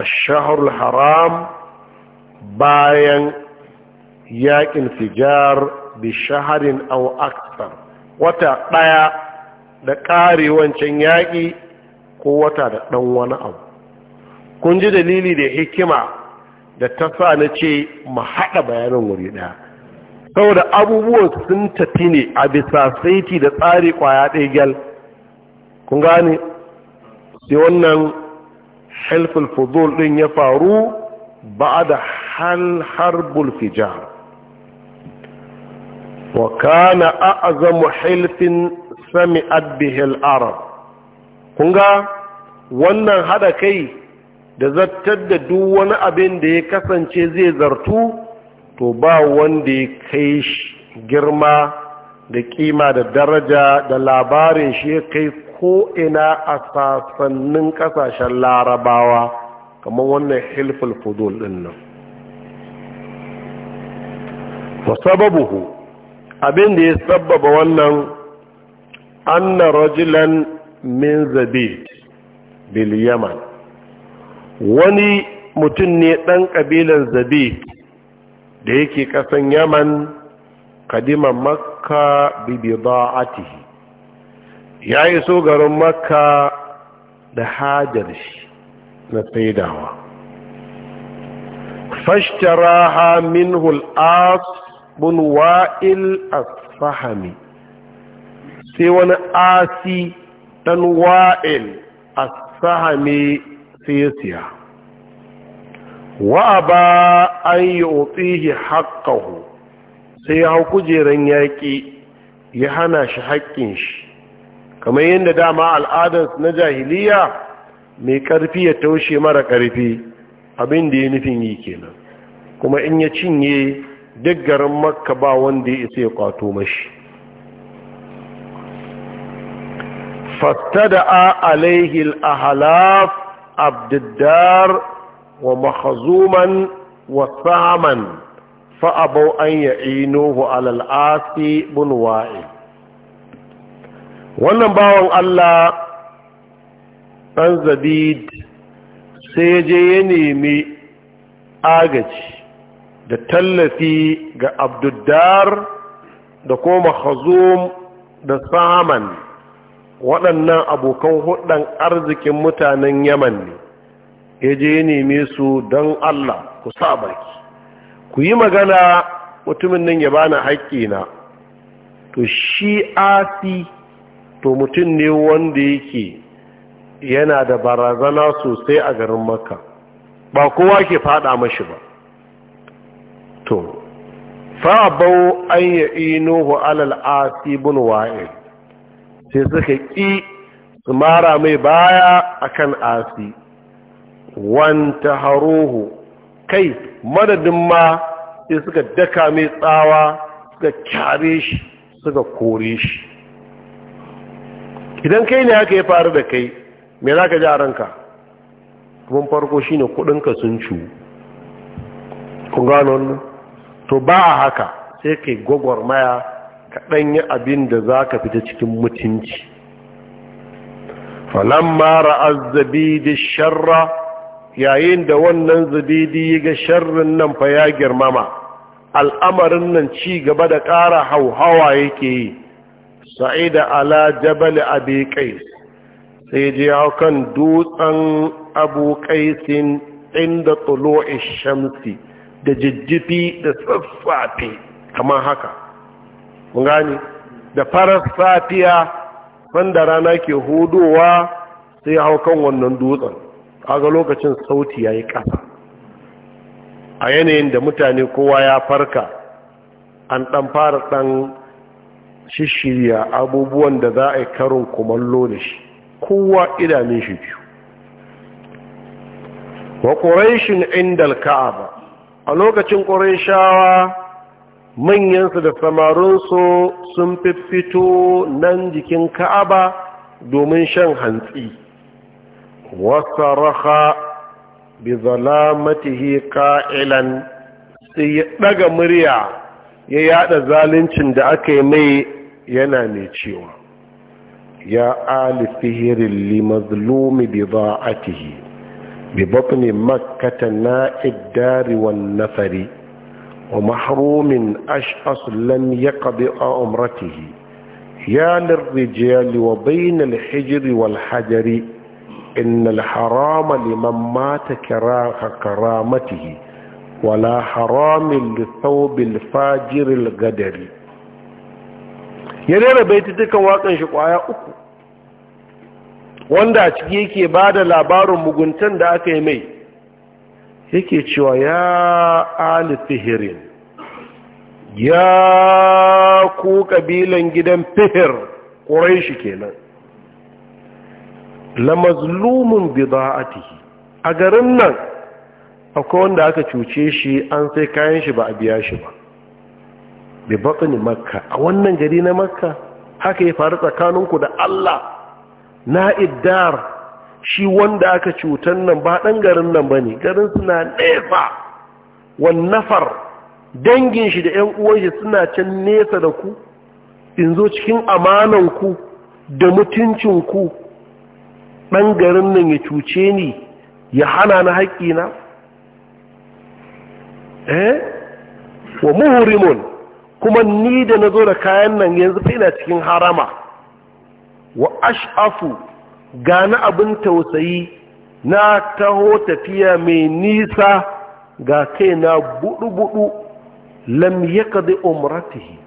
a shaharul haram bayan yakin fijar bi shaharin au aksar wata ɗaya da ƙare wancan yaƙi ko wata da ɗan wani abu kun ji dalili da hikima da ta sa na ce mu haɗa bayanan wuri ɗaya saboda abubuwan sun tafi ne a bisa saiti da tsari ƙwaya ɗaya gyal kun gane sai wannan helpful fuzul ɗin ya faru ba da hal harbul fijar wa kana azamu helfin sami abihil arab kun ga wannan haɗa kai da zartar da duk wani abin da ya kasance zai zartu to ba wanda ya kai girma da kima da daraja da labarin shi ya kai ko'ina a sassanin kasashen larabawa kamar wannan hilful fudul ɗin nan wasababuhu abin da ya sababa wannan anna rajilan min zabit bil yaman wani mutum ne ɗan ƙabilan zabi da yake ƙasan yaman kadima makka bibida'atihi ya iso garin makka da hajar shi na fashtara ha min hul'as bun wa'il a sai wani asi ɗan wa'il a sahami sai ya siya wa ba an yi otsihi haƙƙahu sai ya hau kujeran yaƙi ya hana shi haƙƙin shi kamar yadda dama al'adar na jahiliya mai ƙarfi ya taushe mara ƙarfi abin da ya nufin yi kenan kuma in ya cinye duk garin makka ba wanda ya isa ya kwato mashi fastada a alaihi al'ahalaf abdiddar wa mahazuman wa saman fa'abau an ya'inuhu alal'asi bin wa'i wannan bawan Allah ɗan zabid sai je ya nemi agaci da tallafi ga abduddar da kuma hazum da saman waɗannan abokan hudan arzikin mutanen yaman ne ya je neme su don allah ku sa baki ku yi magana mutumin nan ya bani na, to shi asi to mutum ne wanda yake yana da barazana sosai a garin makka ba kowa ke fada mashi ba to fa abau an yi inuhu alal asibun wa'il sai suka ƙi su mara mai baya a kan asi wanta haruhu kai madadin ma sai suka daka mai tsawa suka kyare shi suka kore shi idan kai ne haka ya faru da kai me za ka ji a ranka kuma farko shine kudinka sun ci. kun gano wannan to ba a haka sai kai gwagwarmaya kaɗan yi abin da za ka fita cikin mutunci falamma ra'az zabidi sharra yayin da wannan zabidi ya ga sharrin nan fa ya girmama al'amarin nan ci gaba da ƙara hauhawa yake yi sa'ida ala jabali abi qais sai kan dutsen abu qaisin inda tulu'i shamsi da jijjifi da tsaffafe kamar haka mun gane da farar safiya wanda rana ke hudowa sai hau kan wannan dutsen kaga lokacin sauti yayi ƙasa a yanayin da mutane kowa ya farka an ɗan fara ɗan shishirya abubuwan da za a yi karin kumallo da shi kowa idanun shi biyu wa ƙorashin indal ka'aba a lokacin ƙorashawa manyansu da samarinsu sun fito nan jikin ka'aba domin shan hantsi wasa raha bi zalamatihi ka'ilan sai ya daga murya ya yada zaluncin da aka yi mai yana mai cewa ya alifihirin limazlumi bi za'atihi bi batni makkata na'id iddari wal nafari ومحروم أشخص لم يقضي عمرته يا للرجال وبين الحجر والحجر إن الحرام لمن مات كراخ كرامته ولا حرام لثوب الفاجر القدر يريد بيت تلك واقع شقايا أكو wanda a ciki yake ba da labarin muguntan da aka yi mai yake cewa ya ali ya ku ƙabilan gidan fihir shi kenan la mazlumun bida'atihi a garin nan akwai wanda aka cuce shi an sai kayan shi ba a biya shi ba bi baƙin makka a wannan gari na makka haka ya faru tsakaninku da allah na iddar shi wanda aka cutar nan ba ɗan garin nan ba ne garin suna nesa wannafar dangin shi da 'yan uwanshi suna can nesa da ku in zo cikin amananku da mutuncinku ɗan garin nan ya cuce ni ya hana na haƙƙina eh wa muhurimun kuma ni da na zo da kayan nan yanzu fa cikin harama wa ash'afu gani abin tausayi na taho tafiya mai nisa ga kai na buɗu-buɗu, budu lam yaqdi umaratihi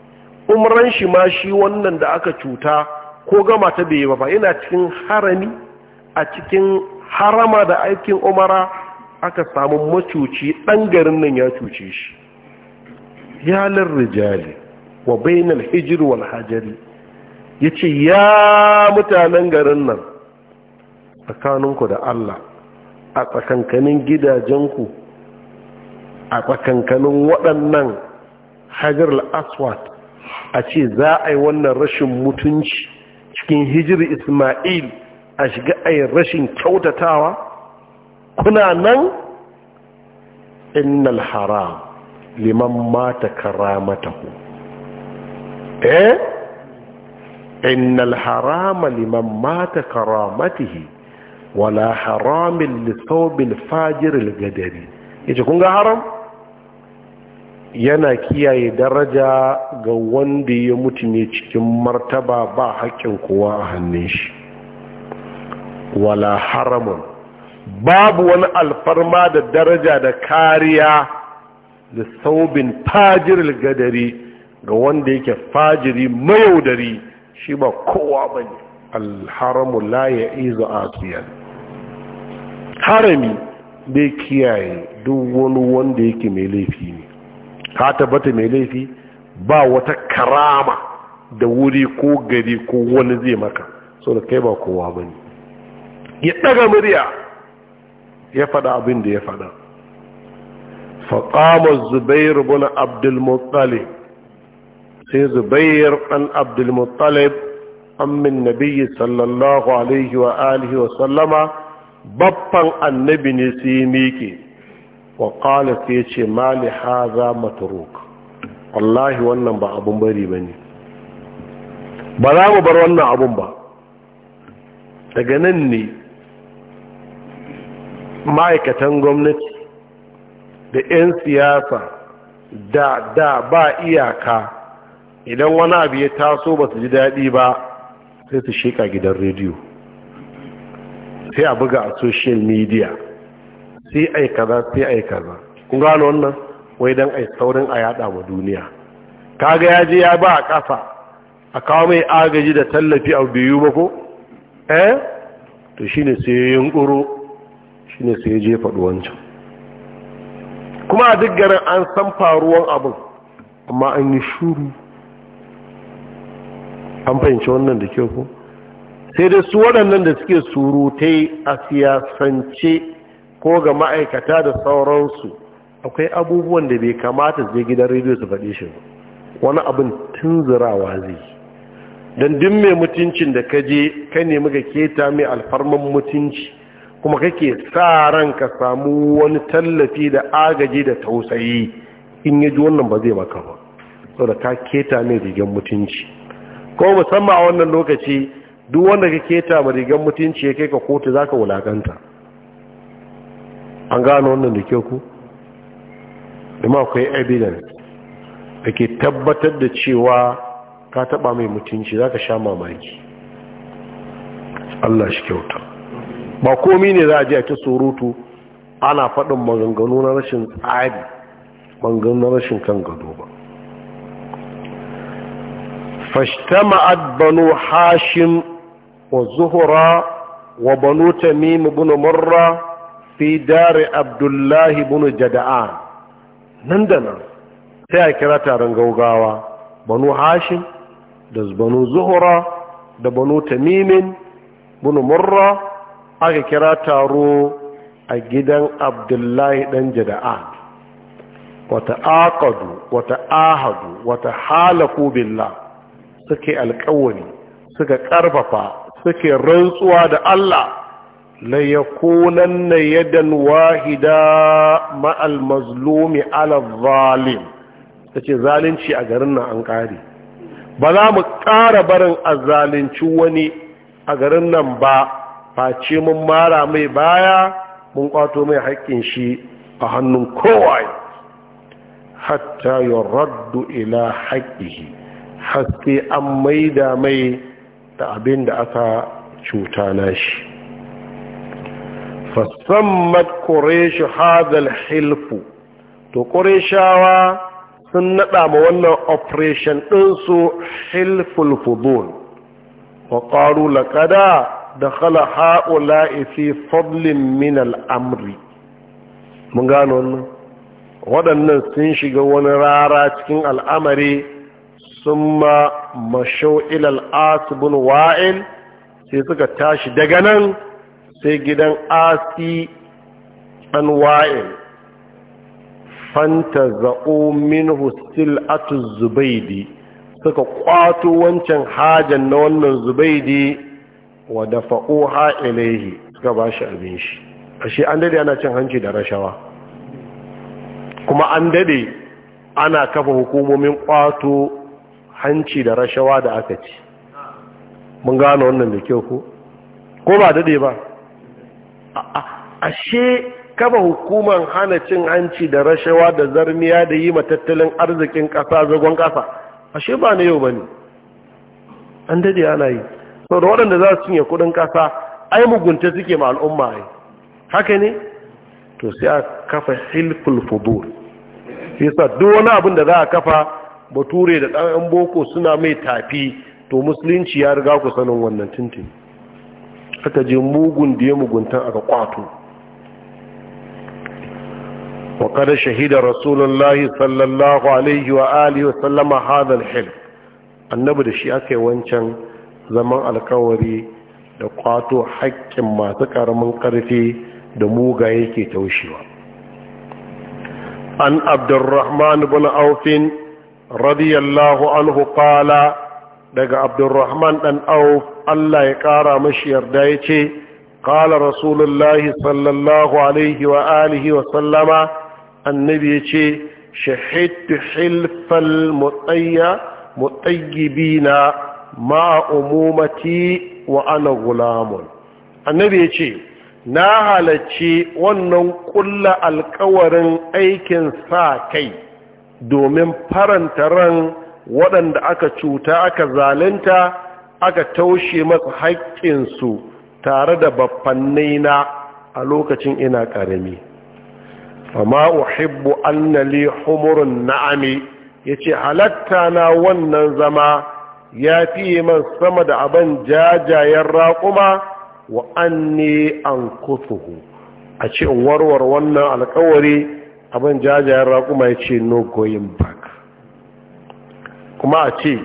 umaran shi ma shi wannan da aka cuta ko gama ta bai ba yana cikin harami a cikin harama da aikin umara aka samu macuci ɗan garin nan ya cuce shi yalar rijali wa bainal hijir wal hajari yace ya mutanen garin nan tsakaninku da Allah a tsakankanin gidajenku a tsakankanin waɗannan hajjar aswad a ce za a yi wannan rashin mutunci cikin hijir ismail a shiga a yi rashin kyautatawa kuna nan innal haram liman mata karamatahu eh innal harama liman mata karamatihi wala haramin lithawbil fajiril gadari yace kun ga haram yana kiyaye daraja ga wanda ya mutu ne cikin martaba ba haƙƙin kowa a hannun shi wala haramun babu wani alfarma da daraja da kariya da saubin fajiril gadari ga wanda yake fajiri mayaudari shi ba kowa ba ne alharamu la ya izu asiyan harami bai kiyaye duk wani wanda yake mai laifi ne ka tabbata mai laifi ba wata karama da wuri ko gari ko wani zai maka so da kai ba kowa ba ne ya ɗaga murya ya faɗa abin da ya faɗa faƙama zubairu bin abdulmuttalib sai zubair ɗan abdulmuttalib an min nabiyyi sallallahu alaihi wa alihi wa sallama Babban annabi ne su yi miƙe wa ƙala sai ce mali haza maturuk wallahi wannan ba abun bari ba ne ba za mu bar wannan abun ba daga nan ne ma'aikatan gwamnati da 'yan siyasa da da ba iyaka idan wani abu ya taso ba su ji daɗi ba sai su sheka gidan rediyo sai a buga a social media sai ai kaza sai ai kaza kun gano wannan wai dan ai saurin a yada wa duniya kaga ya je ya ba a kafa a kawo mai agaji da tallafi a biyu ba ko eh to shine sai ya yunkuro shine sai ya jefa wancan kuma a duk garin an san faruwan abin amma an yi shuru an fahimci wannan da kyau ko sai dai su waɗannan da suke surutai a siyasance ko ga ma'aikata da sauransu akwai abubuwan da bai kamata zai gidan rediyo su faɗi shi wani abin tunzirawa zai don duk mai mutuncin da ka je ka nemi ka keta mai alfarman mutunci kuma kake sa ran ka samu wani tallafi da agaji da tausayi in yaji wannan ba zai maka ba saboda ka keta mai rigen mutunci ko musamman a wannan lokaci duk wanda ka keta ba rigar mutunci ya kai ka kotu za ka wulakanta an gano wannan da kyau ku ku akwai evidence da ke tabbatar da cewa ka taba mai mutunci za ka sha mamaki Allah shi kyauta ba komi ne za a ji a ta surutu ana faɗin maganganu na rashin tsari maganganu na rashin kan gado ba فاجتمعت بنو hashim. وزهرة وبنو تميم بن مرة في دار عبد الله nan جدعان نندنا sai a kira taron gaugawa banu hashim da banu zuhura da banu tamimin bunu murra aka kira taro a gidan abdullahi dan jada'a wata aqadu wata ahadu wata hala billah suke alƙawari suka ƙarfafa suke rantsuwa da Allah la yakunanna yadan wahida ma'al mazlumi ala zalim tace zalunci a garin nan an kare ba za mu ƙara barin azalunci wani a garin nan ba face mun mara mai baya mun kwato mai haƙƙin shi a hannun kowai. hatta yuraddu ila haƙƙihi haske an maida mai da abin da aka cuta na shi fasammat shi hadal hilfu to ƙoreshawa sun naɗa ma wannan operation ɗinsu hilful fudul wa ƙaru laƙada da kala ha'ula fi fadlin min al'amri mun gano wannan waɗannan sun shiga wani rara cikin al'amari summa mashau ilal asibin wa'il sai suka tashi daga nan sai gidan asi an wa'il fanta za'o min hustil atu zubaidi suka kwato wancan hajan na wannan zubaidi wa dafa'o ha'ilaihi suka ba shi abin shi ashe an dade ana cin hanci da rashawa kuma an dade ana kafa hukumomin kwato hanci da rashawa da aka ci mun gano wannan da kyau ko ko ba dade ba ashe kaba hukuman hana cin hanci da rashawa da zarmiya da yi matattalin arzikin ƙasa zagon ƙasa ashe ba na yau ba ne an dade ana yi sau da waɗanda za su cinye kuɗin ƙasa ai mugunta suke ma al'umma ai haka ne to sai a kafa hilkul fudur sai sa duk wani abin da za a kafa bature da ɗan boko suna mai tafi to musulunci ya riga ku sanin wannan tuntun. aka je mugun da ya muguntan aka kwato wa kada shahida rasulullahi sallallahu alaihi wa alihi wa sallama hadal hil annabi da shi aka yi wancan zaman alkawari da kwato haƙƙin masu ƙaramin ƙarfi da muga yake taushewa an abdurrahman bin aufin radiyallahu anhu qala daga abdurrahman dan auf Allah ya kara mashi yarda yace qala rasulullahi sallallahu alaihi wa alihi wa sallama annabi yace shahidtu hilfal mutayya mutayyibina ma umumati wa ana gulamun annabi yace na halarci wannan kulla alkawarin aikin sa kai domin faranta ran waɗanda aka cuta aka zalunta aka taushe masu haƙƙinsu tare da babban na a lokacin ina ƙarami fama uhibbu annali humurun na'ami yace halatta na wannan zama ya fiye man sama da abin jajayen raƙuma wa an kutuhu a ce warwar wannan alƙawari. abin jajayen raƙuma ya ce no going back kuma a ce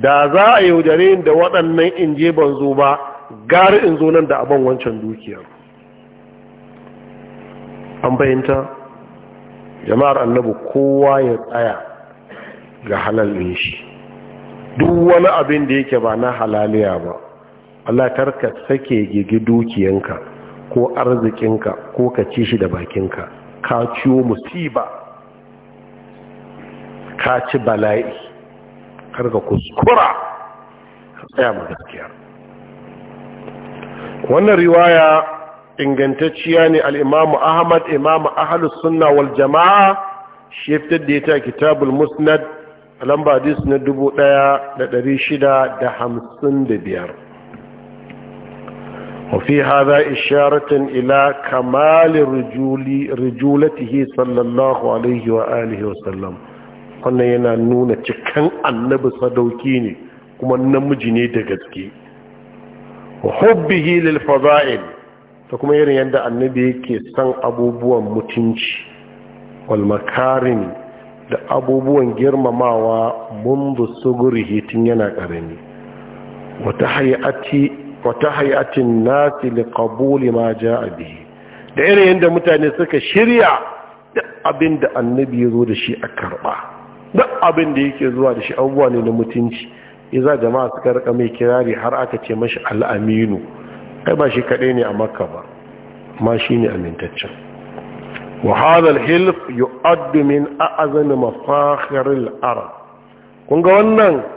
da za a yaudare da waɗannan in je ban zo ba gari in zo nan da abin wancan dukiyar an bayanta jama'ar annabu kowa ya tsaya ga halalin shi duk wani abin da yake ba na halaliya ba Allah karka sake gigi dukiyanka ko arzikinka ko ka ci shi da bakinka ka ciwo musiba ka ci bala'i karka kuskura ka tsaya ma gaskiya wannan riwaya ingantacciya ne al'imamu ahmad imamu ahalus sunna wal jama'a shi fitar da ya ta kitabul musnad a lamba hamsin na biyar. وفي هذا إشارة إلى كمال رجولي رجولته صلى الله عليه وآله وسلم قلنا ينا نونة كان أنب صدوكيني كما نمجني دقتكي وحبه للفضائل فكما يرى عند النبي كي سن أبوبوا متنج والمكارم da abubuwan girmamawa mundu sugurihi tun yana ƙarami wata hayati wa hayatin nasi li qabuli ma jaa bihi da irin yadda mutane suka shirya duk abin da annabi ya zo da shi a karba duk abin da yake zuwa da shi abubuwa ne na mutunci iza jama'a suka rika mai kirari har aka ce mashi al'aminu Kai ba shi kaɗai ne a makka ba ma shi ne amintaccen wahadar hilf yu'addu min a'azan mafakhiril arab kun ga wannan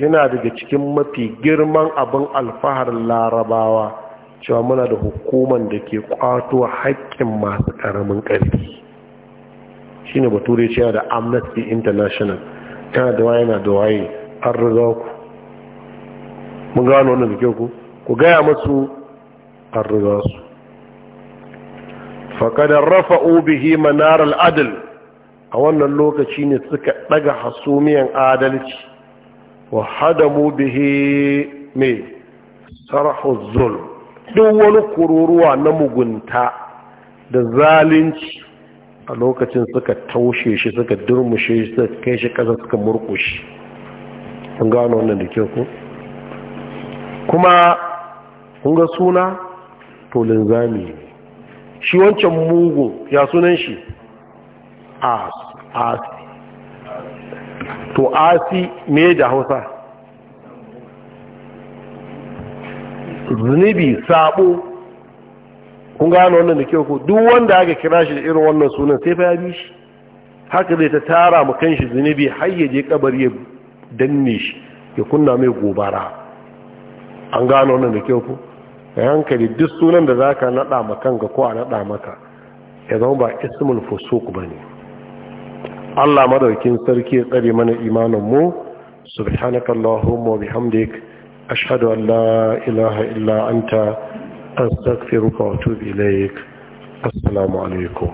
yana daga cikin mafi girman abin alfahar larabawa cewa muna da hukuman da ke kwato haƙƙin masu ƙaramin ƙarfi shi ne bature ce da amnesty international yana da waye na da waye an riga ku mun gano wannan da ku ku gaya masu an riga su faƙadar rafa bihi manar al'adil a wannan lokaci ne suka ɗaga hasumiyan adalci wa mu bihi me sarhu zulm duk wani kururuwa na mugunta da zalunci a lokacin suka taushe shi suka durmushe shi suka kai shi kasa suka murkushe An gano wannan da ke ku. kuma kun ga suna to linzami ne shi wancan mugu ya sunan shi as to asi me da hausa zunubi sabo kun gano wannan da kyau ko duk wanda aka kira shi da irin wannan sunan sai fa ya bi shi haka zai ta tara mu kanshi zunubi har ya je kabar ya danne shi ya kunna mai gobara an gano wannan da kyau ko a hankali duk sunan da zaka nada ma ko a nada maka ya zama ba ismul fusuq bane Allah madaukin sarki ya tsare mana imanin mu subhanakallahumma bihamdik ashhadu an la ilaha illa anta astaghfiruka wa atubu ilaik assalamu alaikum